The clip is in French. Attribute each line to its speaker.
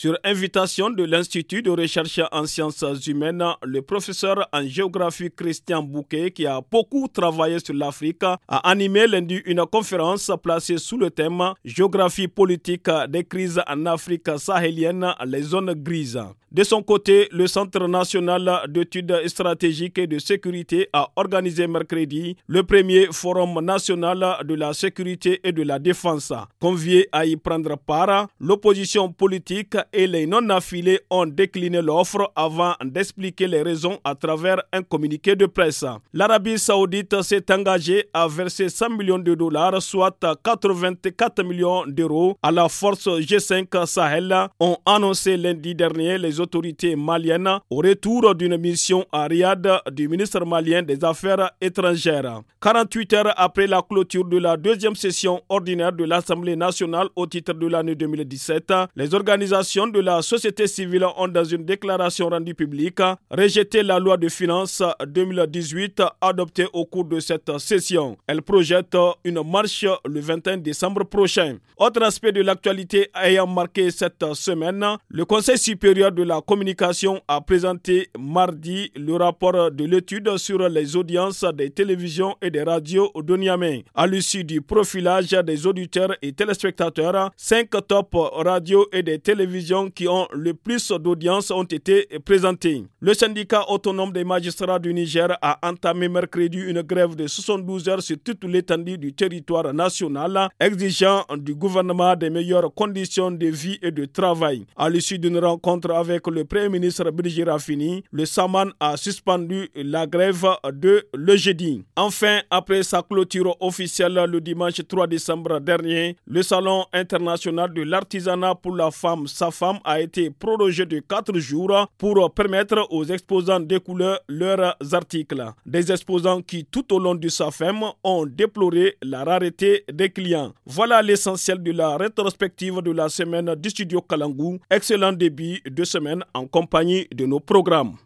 Speaker 1: Sur invitation de l'Institut de recherche en sciences humaines, le professeur en géographie Christian Bouquet, qui a beaucoup travaillé sur l'Afrique, a animé lundi une conférence placée sous le thème Géographie politique des crises en Afrique sahélienne, les zones grises. De son côté, le Centre national d'études stratégiques et de sécurité a organisé mercredi le premier forum national de la sécurité et de la défense. Convié à y prendre part, l'opposition politique et les non-affiliés ont décliné l'offre avant d'expliquer les raisons à travers un communiqué de presse. L'Arabie saoudite s'est engagée à verser 100 millions de dollars, soit 84 millions d'euros, à la force G5 Sahel, ont annoncé lundi dernier les autorités maliennes au retour d'une mission à Riyad du ministre malien des Affaires étrangères. 48 heures après la clôture de la deuxième session ordinaire de l'Assemblée nationale au titre de l'année 2017, les organisations de la société civile ont, dans une déclaration rendue publique, rejeté la loi de finances 2018 adoptée au cours de cette session. Elle projette une marche le 21 décembre prochain. Autre aspect de l'actualité ayant marqué cette semaine, le Conseil supérieur de la communication a présenté mardi le rapport de l'étude sur les audiences des télévisions et des radios au Niamey. À l'issue du profilage des auditeurs et téléspectateurs, cinq top radios et des télévisions qui ont le plus d'audience ont été présentées. Le syndicat autonome des magistrats du Niger a entamé mercredi une grève de 72 heures sur toute l'étendue du territoire national, exigeant du gouvernement des meilleures conditions de vie et de travail. À l'issue d'une rencontre avec le Premier ministre Brigitte Raffini, le Saman a suspendu la grève de le jeudi. Enfin, après sa clôture officielle le dimanche 3 décembre dernier, le Salon international de l'artisanat pour la femme femme a été prorogée de 4 jours pour permettre aux exposants d'écouler leurs articles. Des exposants qui, tout au long du femme, ont déploré la rareté des clients. Voilà l'essentiel de la rétrospective de la semaine du studio Kalangou. Excellent début de semaine en compagnie de nos programmes.